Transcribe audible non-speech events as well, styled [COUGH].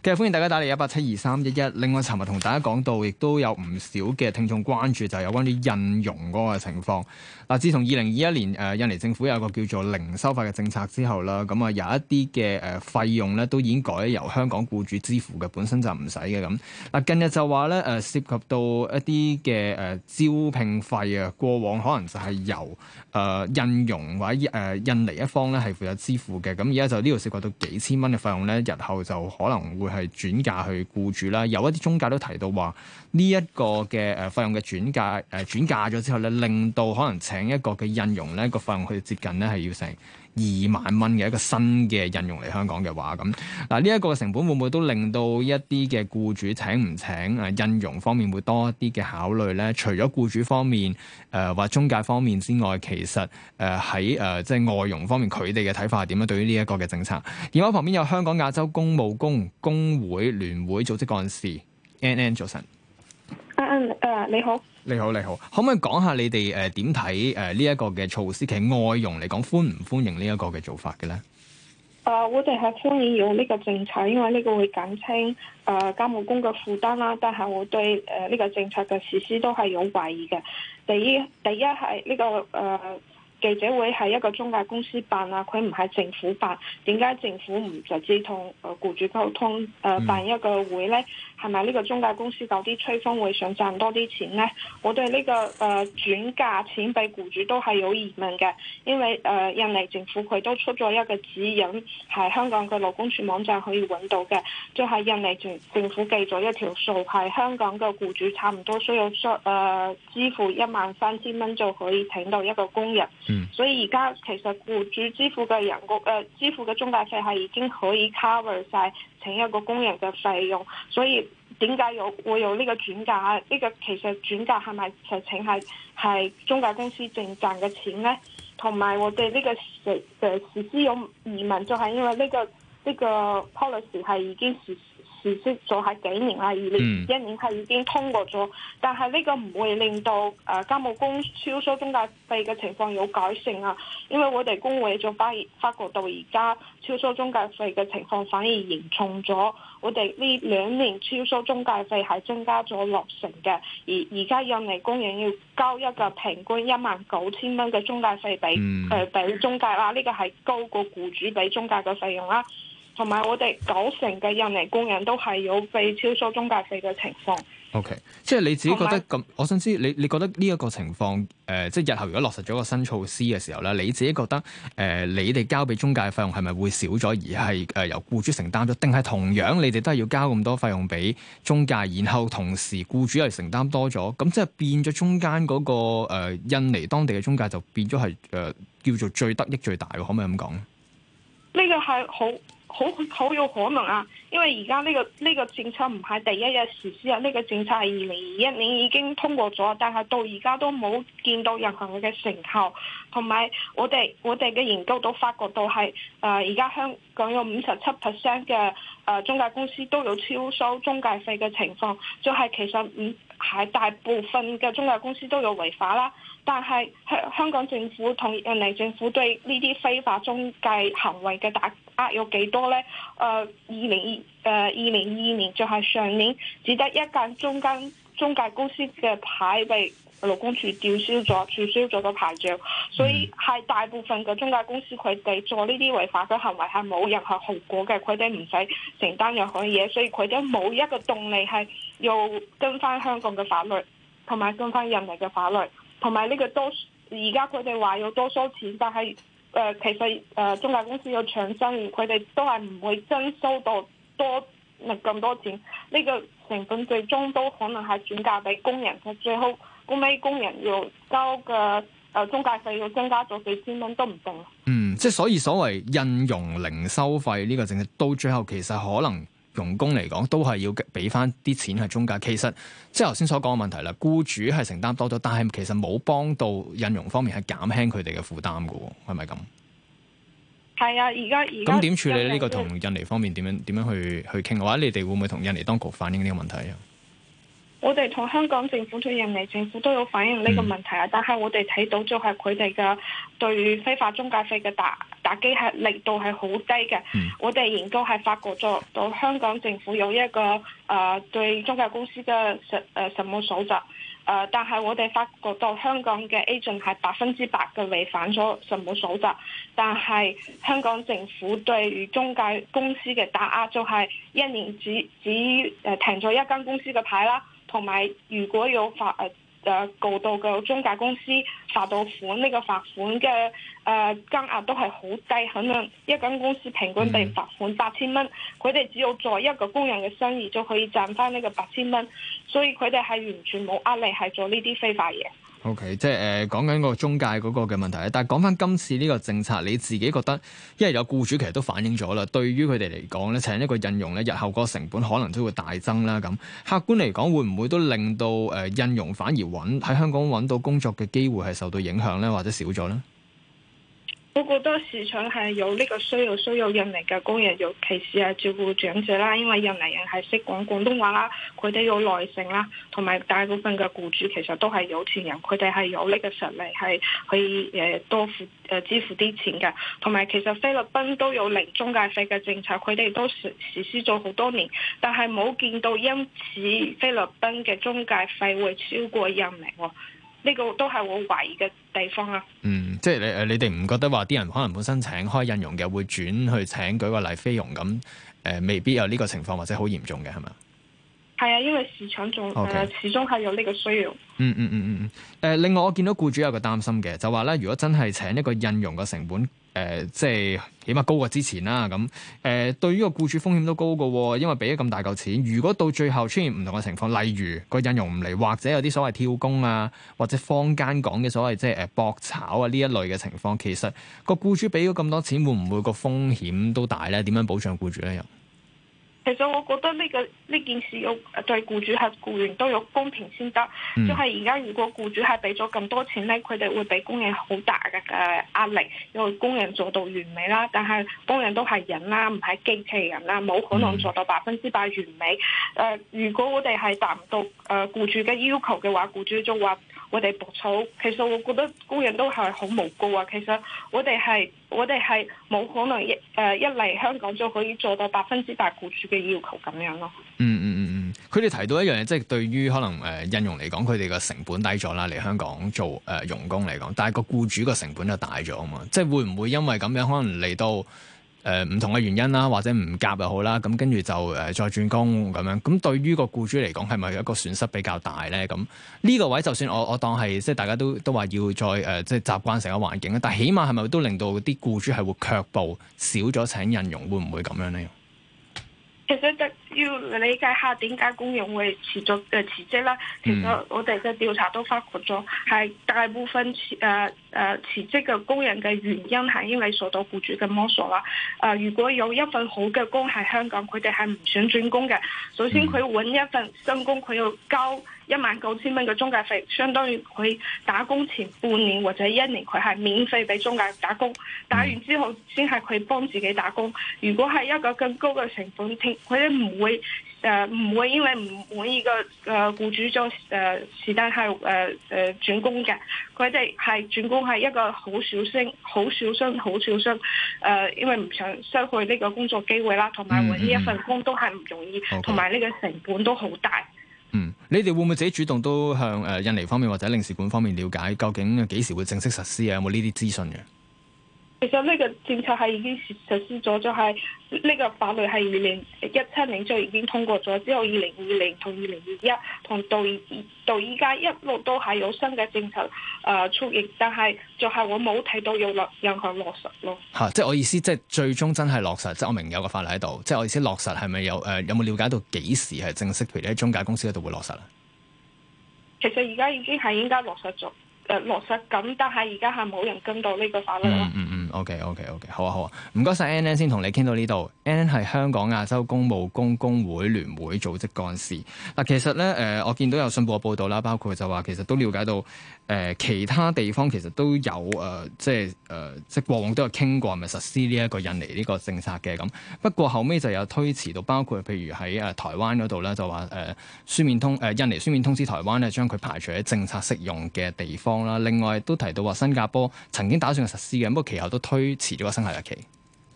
歡迎大家打嚟一八七二三一一。另外，尋日同大家講到，亦都有唔少嘅聽眾關注，就係、是、有關啲印傭嗰個情況。嗱，自從二零二一年誒印尼政府有個叫做零收費嘅政策之後啦，咁、嗯、啊有一啲嘅誒費用咧都已經改由香港僱主支付嘅，本身就唔使嘅咁。嗱、嗯，近日就話咧誒涉及到一啲嘅誒招聘費啊，過往可能就係由誒印傭或者誒、呃、印尼一方咧係負責支付嘅，咁而家就呢度涉及到幾千蚊嘅費用咧，日後就可能會。係轉嫁去僱主啦，有一啲中介都提到話呢一個嘅誒費用嘅轉嫁誒、呃、轉嫁咗之後咧，令到可能請一個嘅印傭咧個費用去接近咧係要成。二萬蚊嘅一個新嘅印傭嚟香港嘅話，咁嗱呢一個成本會唔會都令到一啲嘅僱主請唔請啊印傭方面會多一啲嘅考慮呢？除咗僱主方面誒、呃、或者中介方面之外，其實誒喺誒即係外傭方面，佢哋嘅睇法係點咧？對於呢一個嘅政策，電話旁邊有香港亞洲家務工工會聯會組織幹事 An An。嗯，uh, 你好，你好，你好，可唔可以講下你哋誒點睇誒呢一個嘅措施？其實外傭嚟講，歡唔、uh, 歡迎呢一個嘅做法嘅咧？誒，我哋係歡迎用呢個政策，因為呢個會減輕誒家務工嘅負擔啦。但係我對誒呢、呃這個政策嘅實施都係有懷疑嘅。第一，第一係呢、這個誒。呃記者會係一個中介公司辦啊，佢唔係政府辦，點解政府唔直接同誒僱主溝通誒、呃、辦一個會呢，係咪呢個中介公司搞啲吹風會想賺多啲錢呢？我對呢、這個誒轉價錢俾僱主都係有疑問嘅，因為誒、呃、印尼政府佢都出咗一個指引，係香港嘅勞工處網站可以搵到嘅，就係、是、印尼政政府計咗一條數，係香港嘅僱主差唔多需要誒支付一萬三千蚊就可以請到一個工人。嗯、所以而家其實僱主支付嘅人工，誒、呃、支付嘅中介費係已經可以 cover 晒請一個工人嘅費用，所以點解有會有呢個轉嫁？呢、呢個其實轉嫁係咪實情係係中介公司正賺嘅錢咧？同埋我哋呢個誒誒實施有移民，就係因為呢、呢個呢、呢個 policy 係已經實。實施咗喺幾年啦，二零二一年係已經通過咗，但係呢個唔會令到誒家務工超收中介費嘅情況有改善啊，因為我哋工會仲發發覺到而家超收中介費嘅情況反而嚴重咗，我哋呢兩年超收中介費係增加咗六成嘅，而而家印尼工人要交一個平均一萬九千蚊嘅中介費俾誒俾中介啦，呢、呢個係高過僱主俾中介嘅費用啦。同埋，我哋九成嘅印尼工人都係有被超收中介費嘅情況。OK，即係你自己覺得咁有，我想知你，你覺得呢一個情況，誒、呃，即係日後如果落實咗個新措施嘅時候咧，你自己覺得，誒、呃，你哋交俾中介費用係咪會少咗，而係誒由僱主承擔咗，定係同樣你哋都係要交咁多費用俾中介，然後同時僱主又承擔多咗，咁即係變咗中間嗰個誒、呃、印尼當地嘅中介就變咗係誒叫做最得益最大，可唔可以咁講？呢個係好。好好有可能啊，因為而家呢個呢個政策唔係第一日實施啊，呢個政策係二零二一年已經通過咗，但係到而家都冇見到任何嘅成效。同埋，我哋我哋嘅研究都發覺到係誒而家香港有五十七 percent 嘅誒中介公司都有超收中介費嘅情況，就係其實唔係大部分嘅中介公司都有違法啦。但係香香港政府同印尼政府對呢啲非法中介行為嘅打。呃，有幾多呢？誒二零二誒二零二二年就係上年，只得一間中間中介公司嘅牌被勞工處吊銷咗，註銷咗個牌照。所以係大部分嘅中介公司，佢哋做呢啲違法嘅行為係冇任何後果嘅，佢哋唔使承擔任何嘢，所以佢哋冇一個動力係要跟翻香港嘅法律，同埋跟翻印尼嘅法律，同埋呢個多而家佢哋話要多收錢，但係。誒、呃，其實誒、呃，中介公司有搶生意，佢哋都係唔會增收到多嗱咁多錢。呢、這個成本最終都可能係轉嫁俾工人嘅，最後，最尾工人要交嘅誒中介費要增加咗幾千蚊都唔定。嗯，即係所以所謂印傭零收費呢個政策，到最後其實可能。用工嚟講，都係要俾翻啲錢係中介。其實即係頭先所講嘅問題啦，僱主係承擔多咗，但係其實冇幫到印傭方面係減輕佢哋嘅負擔嘅，係咪咁？係啊，而家而家咁點處理呢個同印尼方面點樣點樣去去傾？或者你哋會唔會同印尼當局反映呢個問題啊？我哋同香港政府同印尼政府都有反映呢個問題啊，但係我哋睇到就係佢哋嘅對非法中介費嘅打打擊係力度係好低嘅。我哋研究係發覺到香港政府有一個誒、呃、對中介公司嘅實誒實務守則，誒、呃呃、但係我哋發覺到香港嘅 agent 係百分之百嘅違反咗實務守則，但係香港政府對於中介公司嘅打壓就係一年只只誒停咗一間公司嘅牌啦。同埋，如果有罰誒誒告到嘅中介公司罰到款，呢個罰款嘅誒金額都係好低，可能一間公司平均被罰款八千蚊，佢哋只要做一個工人嘅生意就可以賺翻呢個八千蚊，所以佢哋係完全冇壓力，係做呢啲非法嘢。O.K. 即係誒，講緊個中介嗰個嘅問題。但係講翻今次呢個政策，你自己覺得，因為有僱主其實都反映咗啦，對於佢哋嚟講咧，請一個印傭咧，日後嗰個成本可能都會大增啦。咁客觀嚟講，會唔會都令到誒、呃、印傭反而揾喺香港揾到工作嘅機會係受到影響咧，或者少咗咧？我覺得市場係有呢個需要，需要印尼嘅工人，尤其是係照顧長者啦。因為印尼人係識講廣東話啦，佢哋有耐性啦，同埋大部分嘅雇主其實都係有錢人，佢哋係有呢個實力係可以誒多付誒支付啲錢嘅。同埋其實菲律賓都有零中介費嘅政策，佢哋都實施咗好多年，但係冇見到因此菲律賓嘅中介費會超過印尼喎。呢個都係我懷疑嘅地方啊！嗯，即係你誒，你哋唔覺得話啲人可能本身請開印傭嘅，會轉去請舉個例菲傭咁誒、呃，未必有呢個情況或者好嚴重嘅係咪？係啊，因為市場仲誒始終係有呢個需要。嗯嗯嗯嗯嗯。誒、嗯，另外我見到僱主有個擔心嘅，就話咧，如果真係請一個印傭嘅成本誒、呃，即係起碼高過之前啦。咁、呃、誒，對於個僱主風險都高噶因為俾咗咁大嚿錢。如果到最後出現唔同嘅情況，例如，個印傭唔嚟，或者有啲所謂跳工啊，或者坊間講嘅所謂即係誒搏炒啊呢一類嘅情況，其實個僱主俾咗咁多錢，會唔會個風險都大咧？點樣保障僱主咧又？其實我覺得呢、這個呢件事要對僱主及僱員都有公平先得。就係而家如果僱主係俾咗咁多錢咧，佢哋會俾工人好大嘅嘅壓力，因為工人做到完美啦。但係工人都係人啦，唔係機器人啦，冇可能做到百分之百完美。誒、呃，如果我哋係達唔到誒僱主嘅要求嘅話，僱主就話。我哋博草，其實我覺得工人都係好無辜啊。其實我哋係我哋係冇可能一誒、呃、一嚟香港就可以做到百分之百雇主嘅要求咁樣咯，嗯。嗯嗯嗯嗯，佢哋提到一樣嘢，即係對於可能誒、呃、印傭嚟講，佢哋個成本低咗啦，嚟香港做誒、呃、傭工嚟講，但係個雇主個成本就大咗啊嘛，即係會唔會因為咁樣可能嚟到？誒，唔、呃、同嘅原因啦，或者唔夾又好啦，咁跟住就誒、呃、再轉工咁樣，咁對於個雇主嚟講，係咪一個損失比較大咧？咁呢、這個位就算我我當係即係大家都都話要再誒、呃、即係習慣成個環境啊，但係起碼係咪都令到啲雇主係會卻步，少咗請人用，會唔會咁樣咧？其實 [LAUGHS] 要理解下點解工人會持續誒辭職啦。其實我哋嘅調查都發覺咗，係大部分誒誒辭職嘅工人嘅原因係因為受到僱主嘅摸索啦。誒、呃，如果有一份好嘅工喺香港，佢哋係唔想轉工嘅。首先佢揾一份新工，佢要交一萬九千蚊嘅中介費，相當於佢打工前半年或者一年，佢係免費俾中介打工。打完之後先係佢幫自己打工。如果係一個更高嘅成本，佢哋唔會誒唔會因為唔滿意個誒雇主將誒時間係誒誒轉工嘅？佢哋係轉工，係一個好小心、好小心、好小心誒、呃，因為唔想失去呢個工作機會啦，同埋搵呢一份工都係唔容易，同埋呢個成本都好大。Okay. 嗯，你哋會唔會自己主動都向誒印尼方面或者領事館方面了解，究竟幾時會正式實施啊？有冇呢啲資訊嘅？其實呢個政策係已經實施咗，就係、是、呢個法律係二零一七年就已經通過咗，之後二零二零同二零二一同到到而家一路都係有新嘅政策誒出現，但係就係我冇睇到有落任何落實咯。吓、啊，即係我意思，即係最終真係落實，即我明有個法律喺度，即係我意思落實係咪有誒、呃、有冇了解到幾時係正式？譬如喺中介公司嗰度會落實啊？其實而家已經係應該落實咗，誒落實咁，但係而家係冇人跟到呢個法律咯。嗯嗯 O.K.O.K.O.K.、Okay, okay, okay. 好啊好啊，唔該晒。An An 先同你傾到呢度。An An 係香港亞洲家務工工會聯會組織幹事。嗱，其實咧誒、呃，我見到有信報嘅報道啦，包括就話其實都了解到誒、呃、其他地方其實都有誒、呃、即係誒、呃、即係國外都有傾過，係咪實施呢一個印尼呢個政策嘅咁？不過後尾就有推遲到，包括譬如喺誒台灣嗰度咧，就話誒書面通誒、呃、印尼書面通知台灣咧，將佢排除喺政策適用嘅地方啦。另外都提到話新加坡曾經打算實施嘅，不過其後都推遲咗個生效日期。